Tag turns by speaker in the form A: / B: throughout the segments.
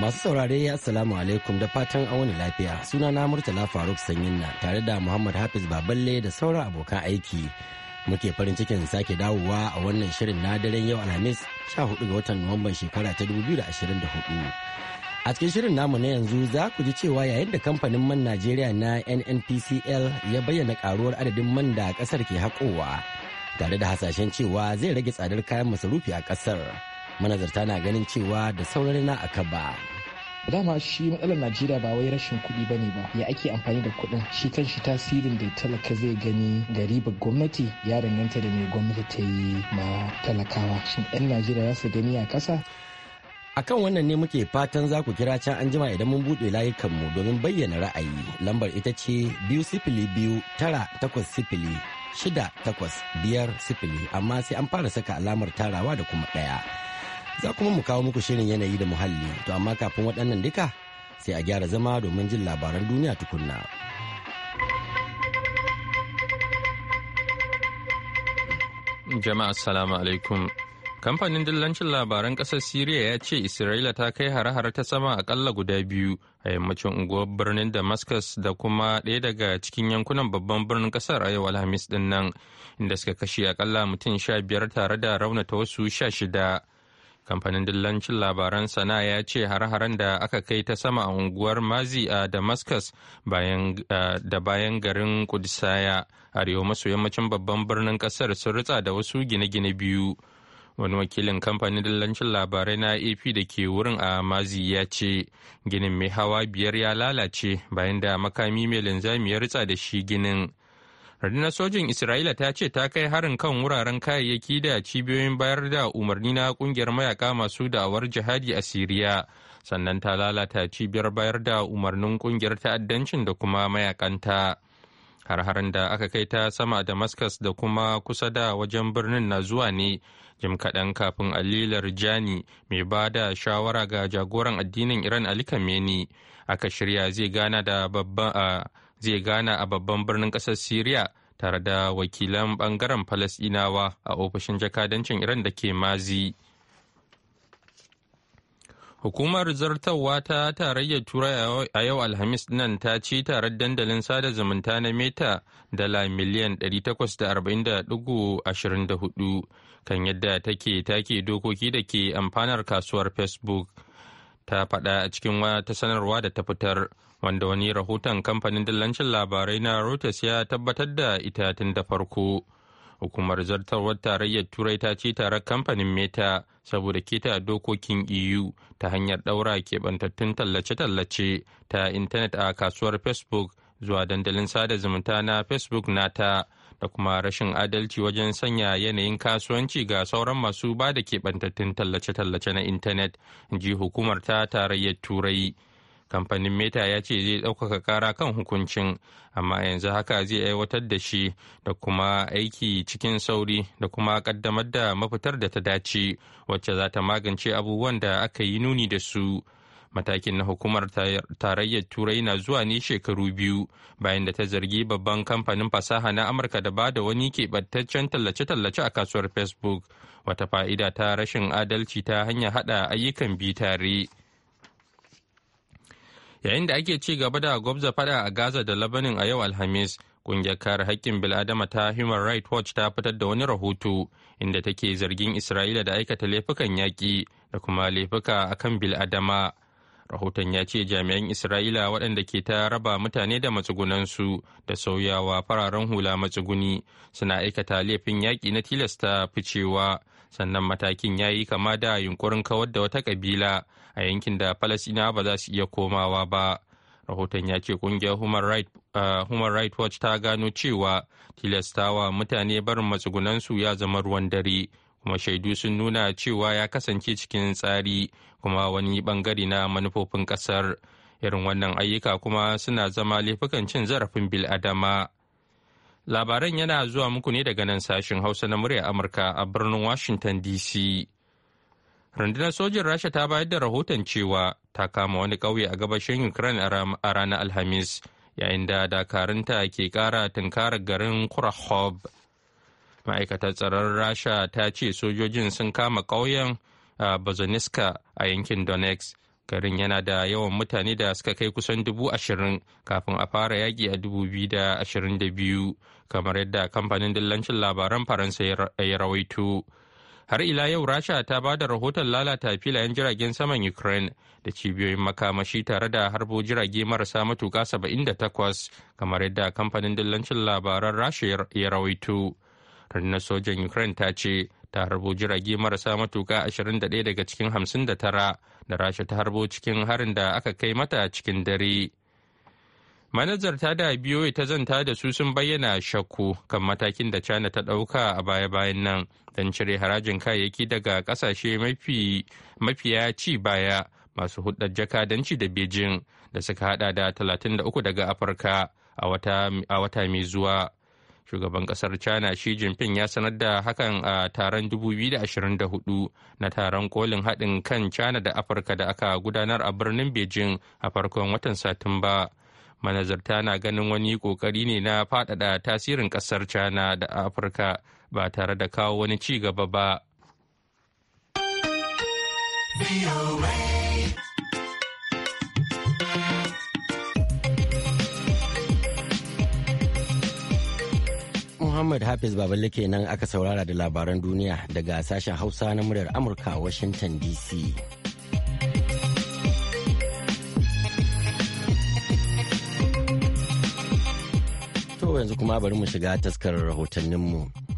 A: Masu saurare Assalamu alaikum da fatan an wani lafiya suna na Murtala Faruk Sanyin na tare da Muhammad Hafiz Baballe da sauran abokan aiki. Muke farin cikin sake dawowa a wannan shirin na daren yau Alhamis 14 ga watan Nuwamban shekara ta 2024. A cikin shirin namu na yanzu za ku ji cewa yayin da kamfanin man Najeriya na NNPCL ya bayyana karuwar adadin man da kasar ke haƙowa tare da hasashen cewa zai rage tsadar kayan masarufi a ƙasar. manazarta na ganin cewa da saurari na akaba
B: dama shi matsalar najeriya ba wai rashin kuɗi ba ne ba ya ake amfani da kuɗin shi kan shi tasirin da talaka zai gani ga ribar gwamnati ya danganta da mai gwamnati ta yi ma talakawa shin 'yan najeriya za su gani a ƙasa
A: akan wannan ne muke fatan za ku kira can anjima idan mun buɗe layukanmu domin bayyana ra'ayi lambar ita ce biyu sifili biyu tara takwas sifili shida takwas biyar sifili amma sai an fara saka alamar tarawa da kuma ɗaya za kuma mu kawo muku shirin yanayi da muhalli to amma kafin waɗannan duka sai a gyara zama domin jin labaran duniya tukunna.
C: Jama'a salamu alaikum. Kamfanin dillancin labaran ƙasar Siriya ya ce Isra'ila ta kai hare-hare ta sama akalla guda biyu a yammacin unguwar birnin Damascus da kuma ɗaya daga cikin yankunan babban birnin ƙasar yau Alhamis ɗin nan, inda suka kashe akalla mutum sha biyar tare da raunata wasu sha shida. kamfanin dillancin labaran sana ya ce har-haren da aka kai ta sama a unguwar mazi a damascus da bayan garin kudisaya arewa maso yammacin babban birnin kasar sun ritsa da wasu gine-gine biyu wani wakilin kamfanin dillancin labarai na ap da ke wurin a mazi ya ce ginin mai hawa biyar ya lalace bayan da makami mai linzami ya ritsa da shi ginin rundunar sojin isra'ila ta ce ta kai harin kan wuraren kayayyaki da cibiyoyin bayar da umarni na kungiyar mayaka masu da'awar jihadi a siriya sannan ta lalata cibiyar bayar da umarnin kungiyar ta'addancin da kuma mayakanta har-harin da aka kai ta sama damascus da kuma kusa da wajen birnin na zuwa ne jim kaɗan kafin alilar jani mai ba da shawara ga jagoran addinin iran ali kameni aka shirya zai gana da babban zai gana a babban birnin kasar Siriya tare da wakilan bangaren Falasɗinawa a ofishin jakadancin Iran da ke mazi. Hukumar zartarwa ta tarayyar Turai a yau Alhamis nan ta ci tare dandalin sada zumunta na Meta dala miliyan 840.24 kan yadda take take dokoki da ke amfanar kasuwar Facebook. ta faɗa a cikin wata sanarwa da ta fitar wanda wani rahoton kamfanin dillancin labarai na Reuters ya tabbatar da ita tun da farko. Hukumar zartarwar tarayyar Turai ta ce tare kamfanin Meta saboda keta dokokin EU ta hanyar ɗaura keɓantattun tallace-tallace ta intanet a kasuwar Facebook zuwa dandalin sada zumunta na Facebook nata da kuma rashin adalci wajen sanya yanayin kasuwanci ga sauran masu ba da keɓantattun tallace-tallace na intanet ji hukumar ta tarayyar turai kamfanin meta ya ce zai ɗaukaka kara kan hukuncin amma yanzu haka zai aiwatar da shi da kuma aiki cikin sauri da kuma ƙaddamar da mafitar da ta dace wacce za ta magance abubuwan da aka yi nuni da su. matakin na hukumar tarayyar turai na zuwa ne shekaru biyu bayan da ta zargi babban kamfanin fasaha na amurka da ba da wani keɓantaccen tallace-tallace a kasuwar facebook wata fa'ida ta rashin adalci ta hanyar haɗa ayyukan biyu tare yayin da ake ci gaba da gwabza fada a gaza da labanin a yau alhamis kungiyar kare haƙƙin bil'adama ta human right watch ta fitar da wani rahoto inda take zargin isra'ila da aikata laifukan yaƙi da kuma laifuka akan bil'adama rahoton ya ce jami'an isra'ila waɗanda ke ta raba mutane da matsugunansu da sauyawa fararen hula matsuguni suna aikata laifin yaƙi na tilasta ficewa sannan matakin ya yi kama da yunkurin kawar da wata kabila a yankin da falasina ba za su iya komawa ba rahoton ya ce kungiyar human uh, human rights watch ta gano cewa tilastawa mutane barin matsugunansu ya zama ruwan dare kuma shaidu sun nuna cewa ya kasance cikin tsari kuma wani bangare na manufofin kasar irin wannan ayyuka kuma suna zama laifukan cin zarafin bil'adama labaran yana zuwa muku ne daga nan sashen hausa na murya amurka a birnin washington dc rundunar sojin rasha ta bayar da rahoton cewa ta kama wani ƙauye a gabashin ukraine a ranar alhamis yayin da dakarunta ke kara tunkarar garin kurahob ma'aikatar tsaron rasha ta ce sojojin sun kama ƙauyen a bazaniska a yankin donetsk garin yana da yawan mutane da suka kai kusan dubu ashirin kafin a fara yaƙi a dubu biyu da ashirin da biyu kamar yadda kamfanin dillancin labaran faransa ya rawaito har ila yau rasha ta ba da rahoton lalata filayen jiragen saman ukraine da cibiyoyin makamashi tare da harbo jirage marasa matuka 78 kamar yadda kamfanin dillancin labaran rasha ya rawaito Rundunar sojan Ukraine ta ce ta harbo jirage marasa matuka 21 daga cikin 59 da Rasha ta harbo cikin harin da aka kai mata cikin dare. ta da biyoyi ta zanta da su sun bayyana shakku kan matakin da china ta ɗauka a baya-bayan nan don cire harajin kayayyaki daga ƙasashe mafiya ci baya masu hudar jakadanci da beijing da suka hada da 33 daga afirka a wata mai zuwa shugaban kasar china shi jinping ya sanar da hakan a taron 2024 na taron kolin haɗin kan china da afirka da aka gudanar a birnin beijing a farkon watan satumba manazarta na ganin wani ƙoƙari ne na faɗaɗa tasirin ƙasar china da afirka ba tare da kawo wani ci gaba ba.
A: Muhammad Hafiz Baballe kenan aka saurara da labaran duniya daga sashen Hausa na muryar Amurka a Washington DC. To yanzu kuma bari mu shiga taskar rahotanninmu.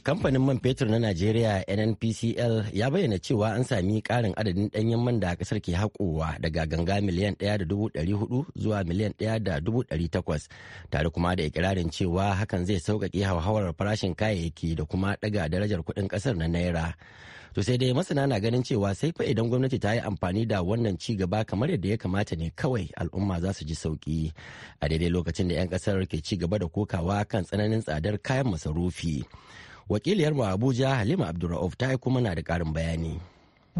A: Kamfanin man fetur na Najeriya NNPCL ya bayyana cewa an sami karin adadin ɗanyen man da ƙasar ke haƙowa daga ganga miliyan 1.400 zuwa miliyan 1.800 tare kuma da ikirarin cewa hakan zai sauƙaƙe hauhawar farashin kayayyaki da kuma ɗaga darajar kuɗin ƙasar na naira. To sai dai masana na ganin cewa sai fa idan gwamnati ta yi amfani da wannan ci gaba kamar yadda ya kamata ne kawai al'umma za su ji sauƙi a daidai lokacin da 'yan ƙasar ke ci gaba da kokawa kan tsananin tsadar kayan masarufi. wakiliyar mu abuja halima abdurrauf ta kuma na da karin bayani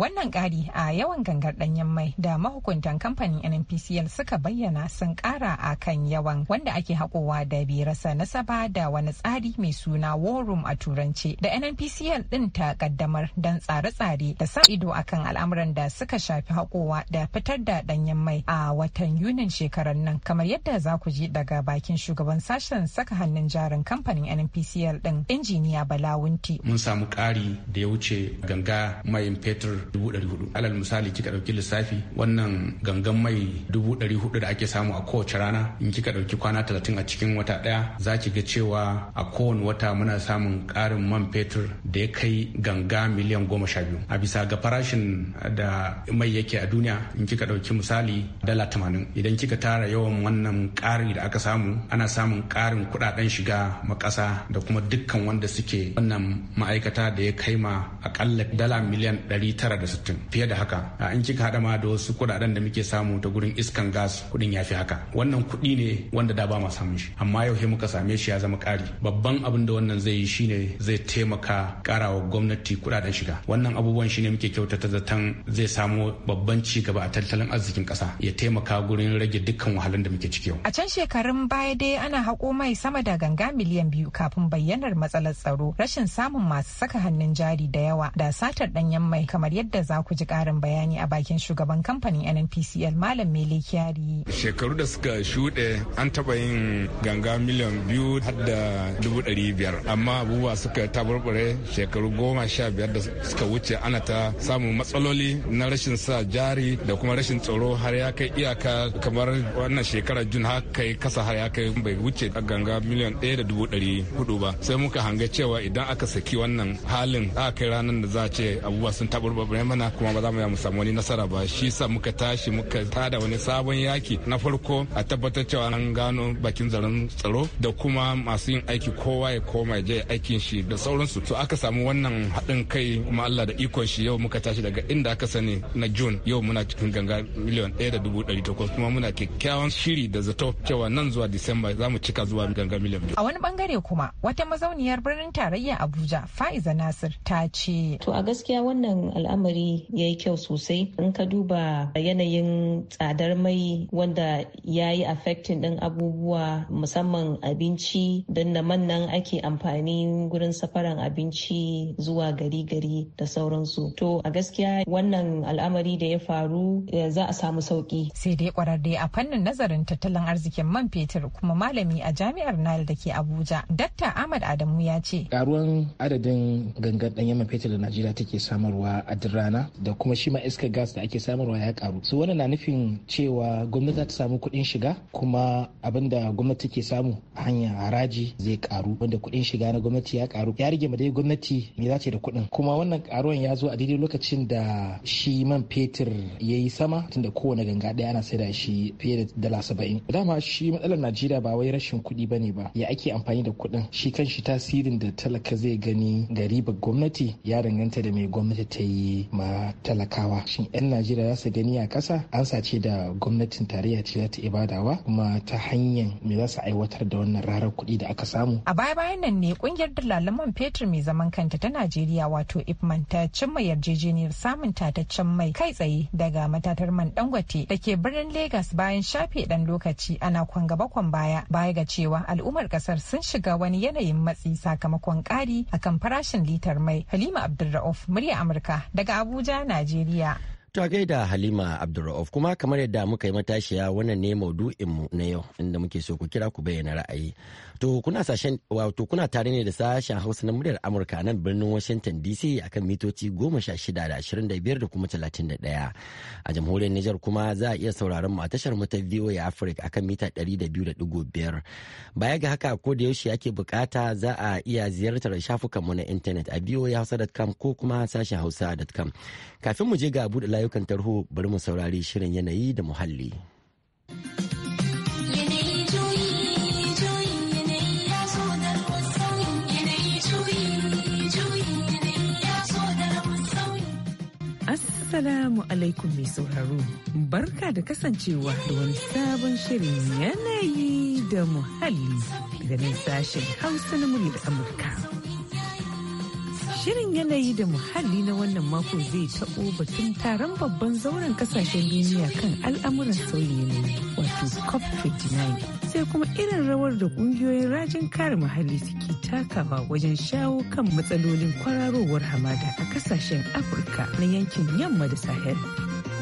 D: Wannan ƙari a yawan gangar ɗanyen mai da mahukuntan kamfanin NNPCL suka bayyana sun ƙara a kan yawan wanda ake haƙowa da birasa nasaba da wani tsari mai suna War Room a Turance da NNPCL ɗin ta ƙaddamar don tsare-tsare da sa ido a kan al'amuran da suka shafi haƙowa da fitar da ɗanyen mai a watan Yunin shekarar nan kamar yadda za ku ji daga bakin shugaban sashen saka hannun jarin kamfanin NNPCL ɗin injiniya Balawunti.
E: Mun samu ƙari da ya wuce ganga mai fetur 400 alal misali kika ɗauki lissafi wannan gangan mai 400 da ake samu a kowace rana in kika ɗauki kwana 30 a cikin wata ɗaya za ki ga cewa a kowane wata muna samun karin man fetur da ya kai ganga miliyan goma sha biyu a bisa ga farashin da mai yake a duniya in kika ɗauki misali dala 80 idan kika tara yawan wannan ƙari da aka samu ana samun karin kuɗaɗen shiga makasa da kuma dukkan wanda suke wannan ma'aikata da ya kai ma akalla dala miliyan 900 960 fiye da haka a an kika hada ma da wasu kudaden da muke samu ta gurin iskan gas kudin ya fi haka wannan kudi ne wanda da ba ma samun shi amma yau muka same shi ya zama kari babban abin da wannan zai yi shine zai taimaka karawa gwamnati kudaden shiga wannan abubuwan shine muke kyautata zaton zai samo babban ci gaba a tattalin arzikin kasa ya taimaka gurin rage dukkan wahalan da muke ciki yau
D: a can shekarun baya dai ana hako mai sama da ganga miliyan biyu kafin bayyanar matsalar tsaro rashin samun masu saka hannun jari da yawa da satar danyen mai kamar yadda za ku ji karin bayani a bakin shugaban kamfanin NNPCL Malam Mele Kyari.
F: Shekaru da suka shuɗe an taɓa yin ganga miliyan biyu har da dubu ɗari biyar amma abubuwa suka tabarbare shekaru goma sha biyar da suka wuce ana ta samun matsaloli na rashin sa jari da kuma rashin tsoro har ya kai iyaka kamar wannan shekarar jun har kai kasa har ya kai bai wuce ganga miliyan ɗaya da dubu ɗari hudu ba sai muka hanga cewa idan aka saki wannan halin aka kai ranar da za a ce abubuwa sun taɓarɓar ne mana kuma ba za mu samu wani nasara ba shi sa muka tashi muka tada wani sabon yaki na farko a tabbatar cewa an gano bakin zaren tsaro da kuma masu yin aiki kowa ya koma ya je aikin shi da sauransu to aka samu wannan haɗin kai kuma Allah da ikon shi yau muka tashi daga inda aka sani na June yau muna cikin ganga miliyan ɗaya da dubu ɗari takwas kuma muna kyakkyawan shiri da zato cewa nan zuwa Disamba za mu cika zuwa ganga miliyan biyu. A
D: wani bangare kuma wata mazauniyar birnin tarayya Abuja Fa'iza Nasir ta
G: ce. To a gaskiya wannan al'amari al'amari ya yi kyau sosai in ka duba yanayin tsadar mai wanda ya yi affectin ɗin abubuwa musamman abinci don na mannan ake amfani gurin safaran abinci zuwa gari-gari da sauransu to a gaskiya wannan al'amari da ya faru eh, za a
D: samu sauki sai dai kwararre a fannin nazarin tattalin arzikin man fetur kuma malami a jami'ar nile da ke abuja dakta ahmad adamu ya ce
B: karuwan adadin gangan ɗanyen man fetur da najeriya take samarwa a gasar rana da kuma shi ma iskar gas da ake samarwa ya karu su wannan na nufin cewa gwamnati za ta samu kuɗin shiga kuma abin da gwamnati ke samu a hanya haraji zai karu wanda kuɗin shiga na gwamnati ya karu ya rage madai gwamnati me za ta da kuɗin kuma wannan karuwan ya zo a daidai lokacin da shi man fetur ya yi sama tunda kowane ganga ɗaya ana saida shi fiye da dala saba'in dama shi matsalar najeriya ba wai rashin kuɗi ba ne ba ya ake amfani da kuɗin shi kan shi tasirin da talaka zai gani ga ribar gwamnati ya danganta da mai gwamnati ta yi ma talakawa shin 'yan najeriya za su gani a ƙasa an sace da gwamnatin tarayya ce za ta ibadawa kuma ta hanyar me za su aiwatar da wannan rarar kuɗi da aka samu
D: a baya bayan nan ne kungiyar dalalaman man fetur mai zaman kanta ta najeriya wato ipman ta cimma yarjejeniyar samun tataccen mai kai tsaye daga matatar man dangote da ke birnin Legas bayan shafe dan lokaci ana kwanga gaba baya baya ga cewa al'ummar kasar sun shiga wani yanayin matsi sakamakon kari akan farashin litar mai halima abdulra'uf murya amurka daga daga Abuja, Najeriya.
A: To da Halima Abdulra'uf kuma kamar yadda muka yi matashiya wannan ne maudu'inmu na yau inda muke so ku kira ku bayyana ra'ayi. To kuna sashen wato kuna tare ne da sashen Hausa na muryar Amurka nan birnin Washington DC akan mitoci 16 da 25 da kuma 31. A jamhuriyar Nijar kuma za a iya sauraron mu a tashar mu ta VOA Africa akan mita 200.5. Baya ga haka ko da yaushe ake bukata za a iya ziyartar shafukan mu na intanet a voahausa.com ko kuma sashen hausa.com. Kafin mu je ga buɗe layukan tarho bari mu saurari shirin yanayi da muhalli.
G: Assalamu alaikum mai sauraro. Barka da kasancewa da wani sabon shirin yanayi da muhalli daga nan sashen Hausa na da Amurka. Shirin yanayi da muhalli na wannan mako zai taɓo batun taron babban zauren kasashen duniya kan al'amuran sauyi yanayi wato COP29 sai kuma irin rawar da ƙungiyoyin rajin kare muhalli suke takawa wajen shawo kan matsalolin kwararowar hamada a kasashen Afirka na yankin yamma da Sahel.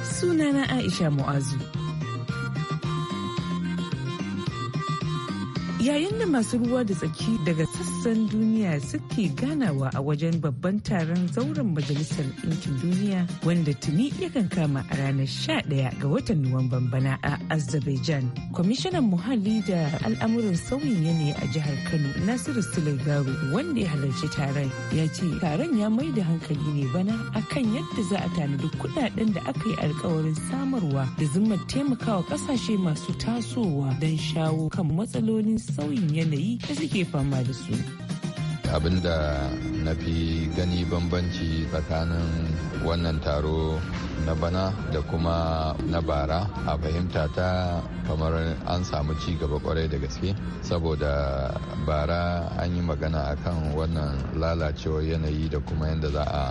G: Sunana Aisha Mu'azu. yayin da masu ruwa da tsaki daga sassan duniya suke ganawa a wajen babban taron zauren majalisar ɗinkin duniya wanda tuni yakan kama a ranar 11 ga watan nuwamban bana a azerbaijan kwamishinan muhalli da al'amuran sauyin yanayi a jihar kano nasiru sulaibaru wanda ya halarci taron ya ce taron ya mai da hankali ne bana a kan yadda za a tanadi kudaden da aka yi alkawarin samarwa da zimmar taimakawa kasashe masu tasowa don shawo kan matsalolin sauyin yanayi da suke fama da su.
H: abin da na fi gani bambanci tsakanin wannan taro na bana da kuma na bara a fahimta ta kamar an samu ci gaba kwarai da gaske saboda bara an yi magana akan wannan lalacewar yanayi da kuma yadda za a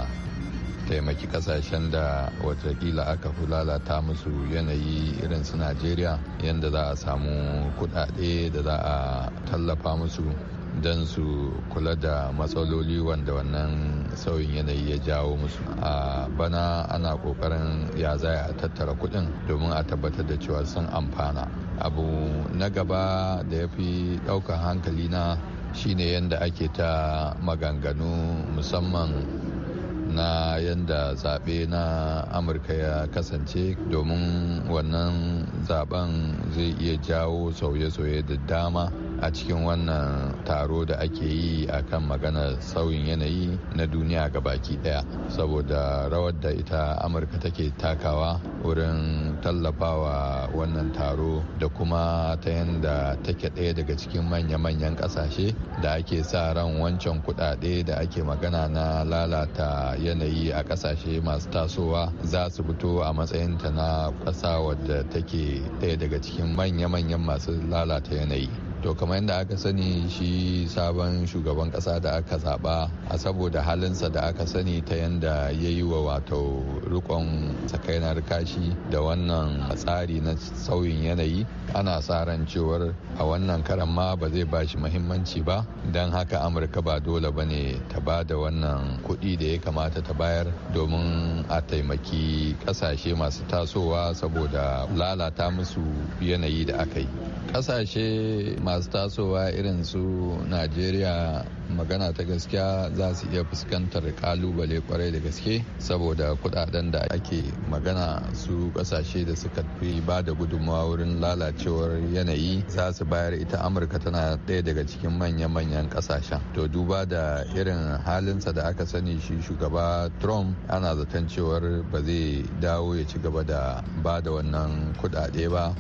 H: taimaki kasashen da watakila aka fi lalata musu yanayi irin su najeriya yadda za a samu kudade da za a tallafa musu don su kula da matsaloli wanda wannan sauyin yanayi ya jawo musu a bana ana kokarin ya za a tattara kudin domin a tabbatar da cewa sun amfana abu na gaba da ya fi ɗaukar hankali na shine yadda ake ta maganganu musamman na yadda zaɓe na amurka ya kasance domin wannan zaɓen zai iya jawo sauye-sauye da dama a cikin wannan taro da ake yi a kan maganar sauyin yanayi na duniya ga baki daya saboda rawar da ita amurka take takawa wurin tallafawa wannan taro da kuma ta yadda take ɗaya daga cikin manya-manyan ƙasashe da ake sa ran wancan kuɗaɗe da ake magana na lalata yanayi a ƙasashe masu tasowa za su fito a matsayinta na ƙasa wadda take ɗaya daga cikin manya-manyan masu lalata yanayi to kamar yadda aka sani shi sabon shugaban kasa da aka zaba a saboda halinsa da aka sani ta yadda ya yi wa wato rikon tsakainar kashi da wannan tsari na sauyin yanayi ana sa ran cewar a wannan karan ma ba zai ba shi mahimmanci ba don haka amurka ba dole ba ne ta ba da wannan kuɗi da ya kamata ta bayar domin a taimaki ƙasashe masu tasowa saboda lalata musu yanayi da aka yi ƙasashe masu masu tasowa irin su najeriya magana ta gaskiya za su iya fuskantar kalubale kwarai da gaske saboda kudaden da ake magana su kasashe da suka fi ba da gudunmawa wurin lalacewar yanayi za su bayar ita amurka tana ɗaya daga cikin manya-manyan kasashen to duba da irin halinsa da aka sani shi shugaba trump ana zaton cewar ba zai dawo ya ci gaba da ba da wannan kudade ba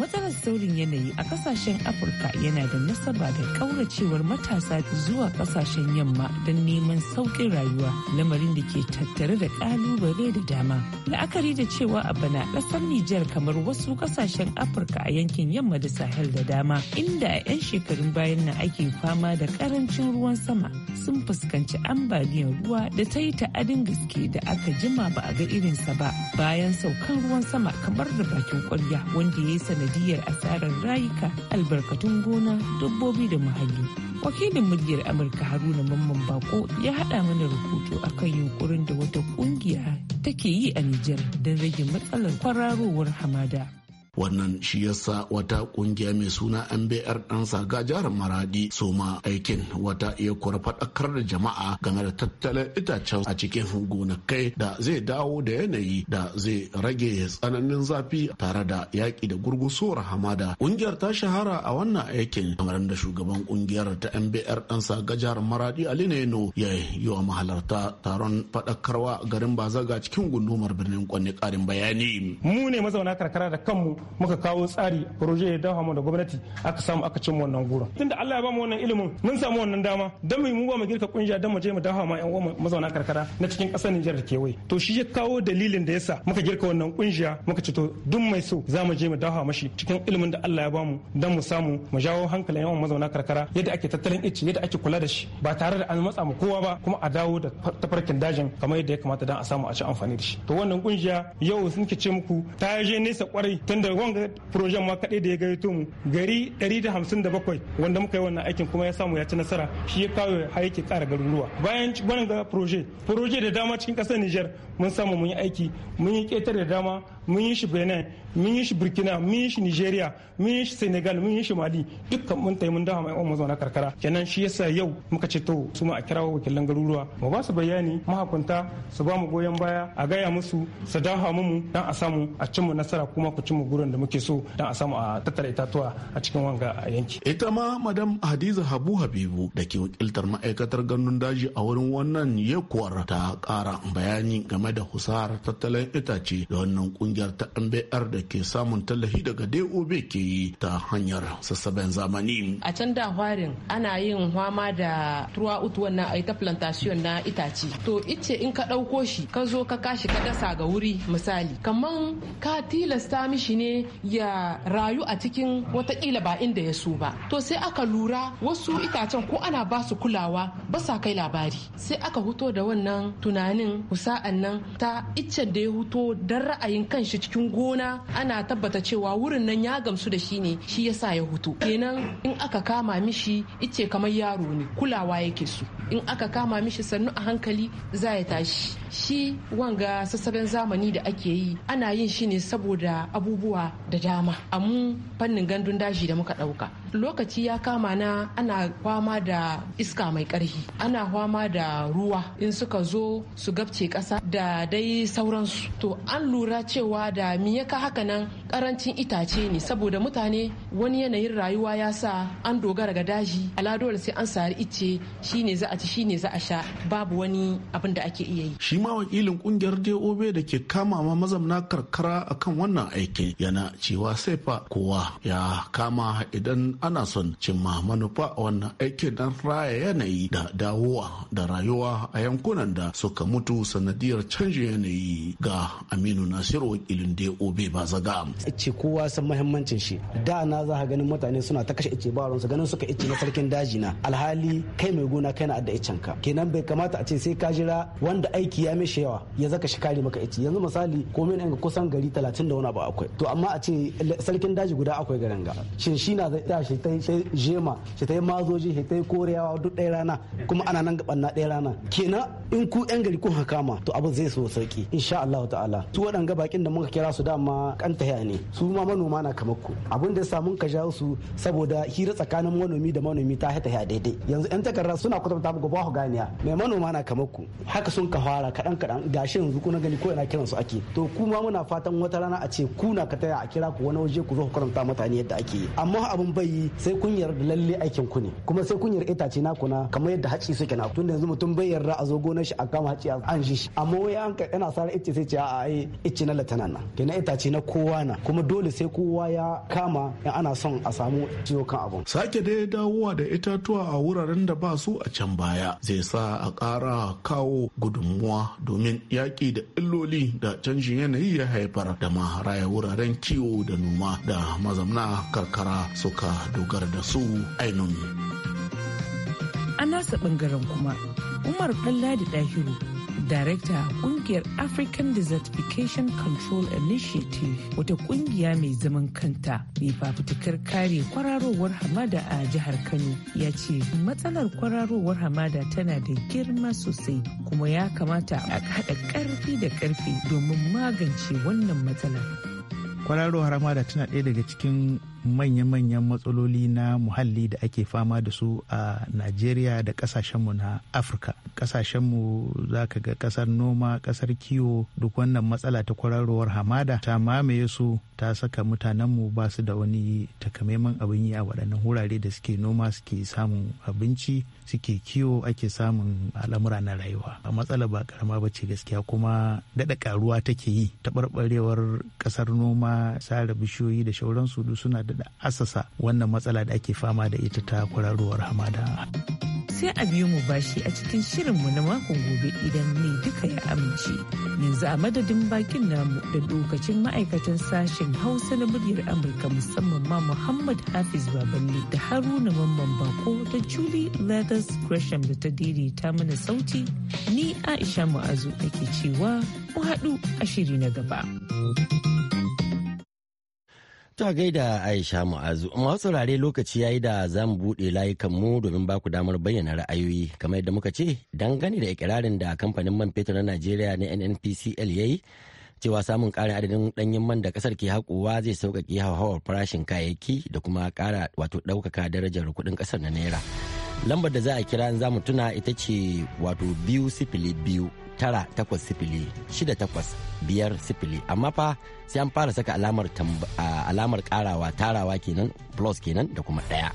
G: matsalar saurin yanayi a kasashen afirka yana da nasaba da ƙauracewar matasa zuwa kasashen yamma don neman sauƙin rayuwa lamarin da ke tattare da ƙalubale da dama la'akari da cewa a bana ƙasar nijar kamar wasu kasashen afirka a yankin yamma da sahel da dama inda a 'yan shekarun bayan na ake fama da ƙarancin ruwan sama sun fuskanci ambaliyar ruwa da ta yi ta'adin gaske da aka jima ba a ga irinsa ba bayan saukan ruwan sama kamar da bakin kwarya wanda ya yi sanadiyar asarar rayuka albarkatun gona dabbobi da muhalli wakilin muryar amurka haruna mamman bako ya haɗa mana rubutu akan yunkurin da wata ƙungiya take yi a nijar don rage matsalar kwararowar hamada
I: wannan shi yasa wata kungiya mai suna mbr dan saga jihar maradi soma aikin wata iya kura faɗakar da jama'a game da tattalin itacen a cikin gonakai da zai dawo da yanayi da zai rage tsananin zafi tare da yaƙi da gurgusuwar hamada kungiyar ta shahara a wannan aikin kamar da shugaban kungiyar ta mbr dan saga jihar maradi ali neno ya yi wa mahalarta taron
J: faɗakarwa garin bazaga cikin gundumar birnin kwanne ƙarin bayani mu ne mazauna karkara da kanmu muka kawo tsari proje ya dawo da gwamnati aka samu aka cin wannan gurin tunda Allah ya bamu wannan ilimin mun samu wannan dama dan mu ba mu girka kungiya dan mu je mu dawo ma yan uwan mazauna karkara na cikin kasar Nijar da kewaye to shi ya kawo dalilin da yasa muka girka wannan kungiya muka ci to duk mai so za mu je mu dawo mashi cikin ilimin da Allah ya ba mu dan mu samu mu jawo hankalin yawan mazauna karkara yadda ake tattalin ice yadda ake kula da shi ba tare da an matsa mu kowa ba kuma a dawo da tafarkin dajin kamar yadda ya kamata dan a samu a ci amfani da shi to wannan kungiya yau sun ce muku ta je nesa kwarai tunda wanga projen ma kaɗai da ya gayyato mu gari 157 wanda muka yi wannan aikin kuma ya samu ya ci nasara shi ya kawo ya yake kara garuruwa bayan wannan ga proje proje da dama cikin ƙasar Niger mun samu mun yi aiki mun yi ƙetare da dama mun yi shi benin mun yi shi burkina mun yi shi nigeria mun yi shi senegal mun yi shi mali dukkan mun tai mun dawo mai uwan mazauna karkara kenan shi yasa yau muka ce to su ma a kirawo wakilan garuruwa mu ba su bayani mahakunta su ba mu goyon baya a gaya musu su dawo mu dan a samu a cimmu nasara kuma ku mu gurin da muke so dan a samu a tattara itatuwa a cikin wanga a yanki ita ma madam
I: hadiza habu habibu da ke wakiltar ma'aikatar gandun daji a wurin wannan yekuwar ta kara bayani game da husar tattalin itace da wannan kungiyar. kungiyar ta mbr da ke samun tallafi daga dob ke yi ta hanyar sassaben zamani
K: a can da hwarin ana yin hwama da ruwa utu wannan a ita plantation na itace to ice in ka ɗauko shi ka zo ka kashi ka dasa ga wuri misali kaman ka tilasta mishi ne ya rayu a cikin watakila ba inda ya so ba to sai aka lura wasu itacen ko ana ba su kulawa ba sa kai labari sai aka huto da wannan tunanin sa'an nan ta iccen da ya huto don ra'ayin kan kan shi cikin gona ana tabbata cewa wurin nan ya gamsu da shi ne shi yasa ya hutu kenan in aka kama mishi ice kamar yaro ne kulawa yake su in aka kama mishi sannu a hankali za ya tashi shi wanga sassaben zamani da ake yi ana yin shi ne saboda abubuwa da dama amu fannin gandun daji da muka ɗauka lokaci ya kama na ana kwama da iska mai karfi ana kwama da ruwa in suka zo su gabce kasa da dai sauransu to an lura cewa rayuwa da mi ya ka haka nan karancin itace ne saboda mutane wani yanayin rayuwa ya sa an dogara ga daji aladole sai an sari ice shine za a ci shine za a sha babu wani abin da ake iya yi
I: shi ma wakilin kungiyar DOB da ke kama ma mazamna karkara akan wannan aikin yana cewa sai fa kowa ya kama idan ana son cimma manufa wannan aikin dan raya yanayi da dawowa da rayuwa a yankunan da suka mutu sanadiyar canjin yanayi ga Aminu Nasiru da obe ba zaga
L: ce kowa san muhimmancin shi da na za ka ganin mutane suna ta kashe ice ba su ganin suka ice na sarkin daji na alhali kai mai gona kai na adda icen ka kenan bai kamata a ce sai ka jira wanda aiki ya mishi yawa ya zaka shi kare maka ice yanzu misali komai na kusan gari 30 da wani ba akwai to amma a ce sarkin daji guda akwai garin ga shin shi na da shi ta jema shi ta mazoji shi ta koreyawa duk ɗaya rana kuma ana nan gaban na ɗaya rana kenan in ku yan gari kun ma to abu zai so sauki insha Allah ta'ala su waɗanga bakin da mun kira su dama kan ta ne su ma manoma na kamar ku abin da yasa mun ka jawo su saboda hira tsakanin manomi da manomi ta tahiya daidai yanzu yan takarda suna kwatanta muku ba ganiya mai manoma na kamar ku haka sun ka fara kadan kadan gashi yanzu kuna gani ko ina kiran su ake to kuma muna fatan wata rana a ce kuna ka taya a kira ku wani waje ku zo ku karanta mutane yadda ake amma abin bai yi sai kun yarda lalle aikin ku ne kuma sai kun yarda itace na kuna kamar yadda haci suke na tun da yanzu mutum bai yarda a zo gonar shi a kama haci an shi amma wai an ka yana sa ice sai ce a'a ai ice na tana nan itace na kowa na kuma dole sai kowa ya kama in ana son a samu ciwo kan abun sake dai dawowa da
I: itatuwa a wuraren da ba su a can baya zai sa a ƙara kawo gudunmuwa domin yaƙi da illoli da canjin yanayi ya haifar da ma raya wuraren kiwo da noma da mazamna karkara suka dogara da su ainun.
G: nasa bangaren kuma umar ɗanladi dahiru Darekta kungiyar African Desertification Control Initiative wata kungiya mai zaman kanta mai fafutukar kare kwararowar hamada a jihar Kano ya ce matsalar kwararowar hamada tana da girma sosai kuma ya kamata a haɗa ƙarfi da ƙarfi domin magance wannan matsalar. Kwararowar
I: hamada tana ɗaya daga cikin manya-manyan matsaloli na muhalli da ake fama da su a Najeriya da kasashenmu na Afirka. Kasashenmu za ka ga kasar noma, kasar kiwo duk wannan matsala ta kwararowar hamada ta mamaye su ta saka mutanenmu ba su da wani takamaiman abin yi a waɗannan wurare da suke noma suke samun abinci suke kiwo ake samun al'amura na rayuwa. A matsala ba karama ba ce gaskiya kuma daɗa ƙaruwa take yi taɓarɓarewar ƙasar noma, sare bishiyoyi da shauransu suna da asasa wannan matsala da ake fama da ita ta kwararowar
G: hamada. sai a biyo mu bashi a cikin shirin mu na makon gobe idan ne duka ya amince. Yanzu a madadin bakin namu da lokacin ma'aikatan sashen Hausa na muryar Amurka musamman ma Muhammad Hafiz Baballe da Haruna Mamman Bako da Julie Leathers Gresham da ta daidaita mana sauti, ni Aisha Mu'azu ake cewa mu haɗu a shiri na gaba.
A: Ta gaida Aisha Mu'azu, masu saurare lokaci yayi da za mu layukan mu domin ba ku damar bayyana ra'ayoyi kamar yadda muka ce dangane da ikirarin da kamfanin man fetur na Najeriya na NNPCL ya yi cewa samun ƙarin adadin ɗanyen man da ƙasar ke haƙowa zai sauƙaƙe hauhawar farashin kayayyaki da kuma ƙara wato ɗaukaka darajar kuɗin ƙasar na naira. lambar da za a kira za mu tuna ita ce wato biyu sifili biyu tara takwas sifili shida takwas biyar sifili amma fa sai an fara saka alamar alamar karawa tarawa kenan plus kenan da kuma daya.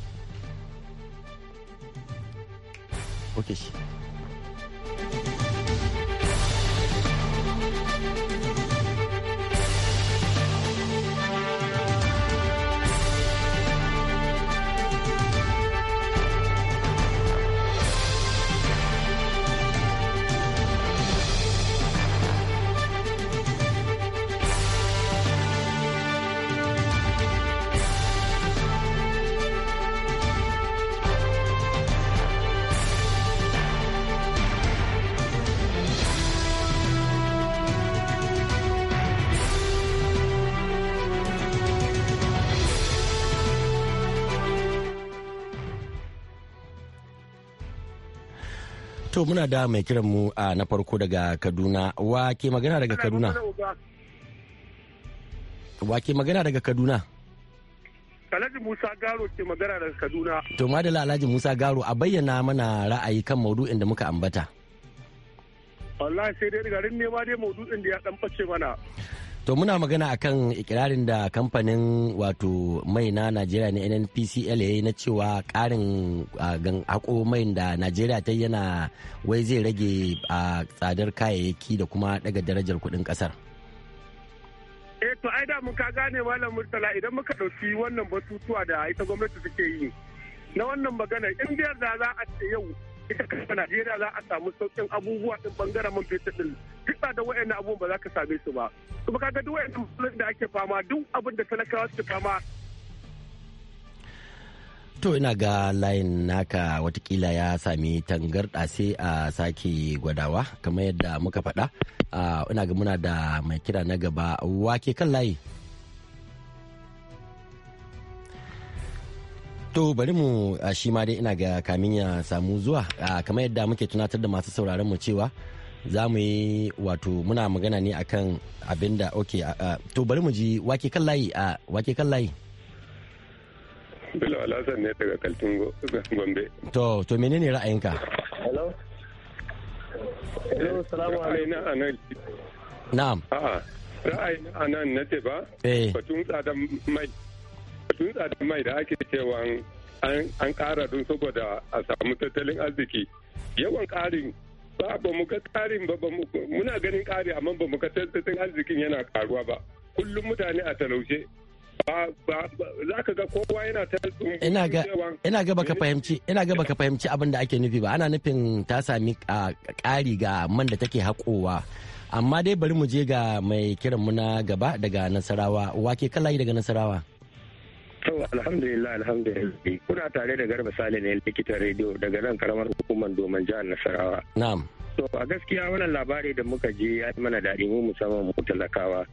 A: to muna da mai kiran mu a na farko daga Kaduna. Wa ke magana daga Kaduna? Wa ke magana daga Kaduna?
J: Alhaji Musa Garo ke magana daga Kaduna. To
A: madala Alhaji Musa Garo a bayyana mana ra'ayi kan maudu'in da muka ambata.
J: Wallahi sai dai garin nema dai maudu'in da ya dan mana.
A: to muna magana akan ikirarin da kamfanin wato mai na najeriya na nnpcl ya yi na cewa karin hako mai da najeriya ta yana wai zai rage a tsadar kayayyaki da kuma daga darajar kudin kasar
J: eh to ai da muka gane malam murtala idan muka ɗauki wannan batutuwa da ita gwamnati take yi na wannan magana in da za a ce yau ita kasa Najeriya za a samu sauƙin abubuwa ɗin bangaren man fetur ɗin duk da wayannan abubuwan ba za ka same su ba kuma kaga duk wayannan da ake fama duk abin da talakawa suke fama
A: To ina ga layin naka watakila ya sami tangarɗa sai a sake gwadawa kamar yadda muka faɗa. Ah, ina ga muna da mai kira na gaba wake kan layi. To bari mu shi ma dai ina ga kamin ya samu zuwa kamar yadda muke tunatar da masu sauraron mu cewa za mu yi wato muna magana ne akan abin da ok to bari mu ji wake kan layi a wake kan layi.
J: Bello Alhassan ne daga Kaltun Gombe.
A: To to menene ra'ayinka?
J: Hello. Hello salamu alaikum. Na'am. A'a ra'ayin anan na ce ba? Eh. Batun tsadan mai dutsa da mai da ake cewa an kara don saboda a samu tattalin arziki yawan karin ba ba mu ga karin ba muna ganin kari amma ba mu ga tattalin arzikin yana karuwa ba kullum mutane a talaushe za ka ga kowa yana ta ina ga baka fahimci
A: ina ga baka fahimci abin da ake nufi ba ana nufin ta sami kari ga man da take haƙowa amma dai bari mu je ga mai kiran mu na gaba daga nasarawa wake kalayi daga nasarawa
C: To alhamdulillah alhamdulillah kuna tare da Garba Sale ne likitan rediyo daga nan karamar hukumar Domin jihar Nasarawa. Na'am. a gaskiya wannan labari da muka ji ya yi mana daɗi mu musamman mu talakawa.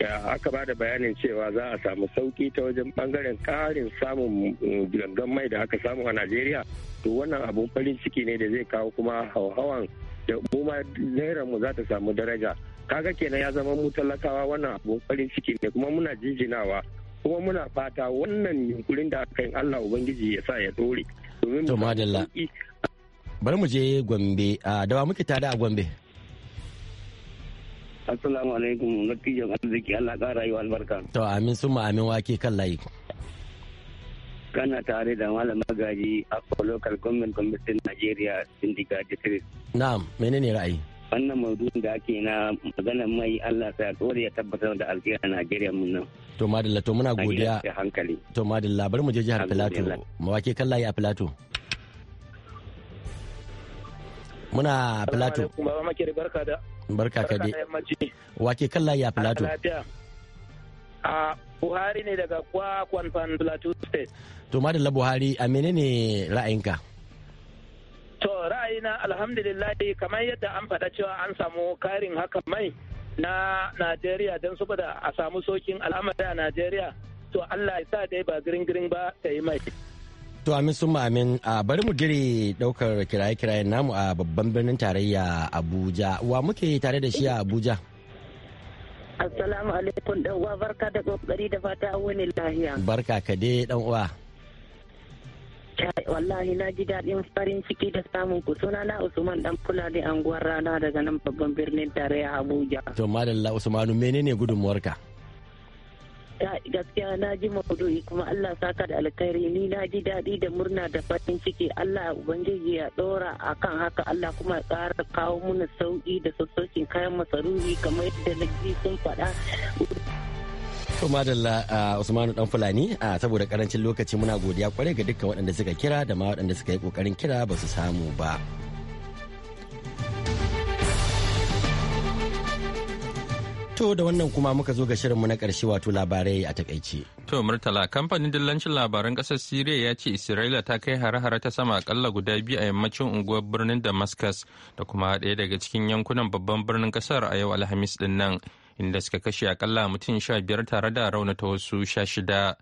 C: Da aka ba da bayanin cewa za a samu sauki ta wajen bangaren ƙarin samun mm, gangan mai da aka samu a Najeriya. To wannan abun farin ciki ne da zai kawo kuma hauhawan da mu naira mu za ta samu daraja. Kaga kenan ya zama mu talakawa wannan abun farin ciki ne kuma muna jinjinawa
J: kuma muna fata wannan yunkurin da aka yi Allah Ubangiji ya sa ya dore domin madalla.
A: bari mu je Gombe a dawa muke tada a Gombe
L: Assalamu alaikum natijan arziki Allah ka yi albarka
A: to amin summa amin wake kan layi
L: kana tare da malam magaji a local government committee Nigeria syndicate district
A: na'am menene ra'ayi
L: wannan maudu'in da ake na maganar mai Allah sa dole ya tabbatar da aljiya Najeriya mun nan.
A: To madalla to muna godiya. hankali. To madalla bari mu je jihar Filato. Mawake kallaye a Filato. Muna Filato. Barka ka dai. Wake kallaye a Filato.
J: A Buhari ne daga Kwakwan Filato State.
A: To madalla Buhari a menene ra'ayinka?
J: To ra'ayina alhamdulillah kamar yadda an faɗa cewa an samu karin haka mai na Najeriya don saboda a samu sokin al'amari a Najeriya to Allah ya sa dai ba girin girin ba ta yi mai.
A: To amin sun amin a bari mu gire daukar kiraye-kirayen namu a babban birnin tarayya Abuja. Wa muke tare da shi a Abuja?
J: Assalamu alaikum dan uwa barka da kokari da fata wani lahiya.
A: Barka ka dai dan uwa.
J: wallahi na
A: ji daɗin farin ciki da samun ku suna na Usman dan da anguwar rana daga nan babban birnin tarayya Abuja. To madalla Usmanu menene gudunmuwarka? gaskiya na ji maudu'i kuma Allah saka da alkhairi ni na ji daɗi da murna da farin ciki
J: Allah ubangiji ya ɗora kan haka Allah kuma ya ƙara kawo mana sauƙi da sassaucin kayan masarufi kamar yadda na sun faɗa
A: To madalla Usmanu dan Fulani a saboda karancin lokaci muna godiya kwarai ga dukkan waɗanda suka kira da ma waɗanda suka yi kokarin kira ba su samu ba. To da wannan kuma muka zo ga shirinmu na ƙarshe wato labarai a
C: takaice. To Murtala kamfanin dillancin labaran kasar Siriya ya ce Isra'ila ta kai hare-hare ta sama akalla guda biyu a yammacin unguwar birnin Damascus da kuma ɗaya daga cikin yankunan babban birnin ƙasar a yau Alhamis dinnan nan. inda suka kashe akalla mutum sha biyar tare da raunata wasu sha shida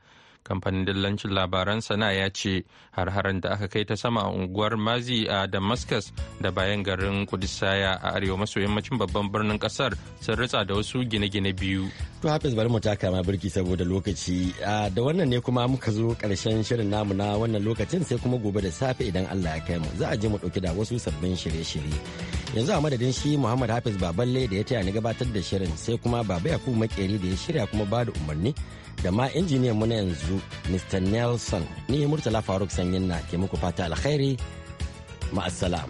C: kamfanin dillancin labaran sana ya ce har-haren da aka kai ta sama a unguwar mazi a damascus da bayan garin kudisaya a arewa maso yammacin babban birnin kasar sun ritsa da wasu gine-gine biyu
A: to hafiz bari mu taka ma birki saboda lokaci da wannan ne kuma muka zo karshen shirin namu na wannan lokacin sai kuma gobe da safe idan allah ya kai mu za a je mu dauki da wasu sabbin shirye-shirye yanzu a madadin shi muhammad hafiz baballe da ya taya ni gabatar da shirin sai kuma baba yakubu makeri da ya shirya kuma bada umarni da ma injiniyan mu na yanzu Mr. Nelson ni Murtala Faruk Sanyin na ke muku fata alkhairi ma'assalam.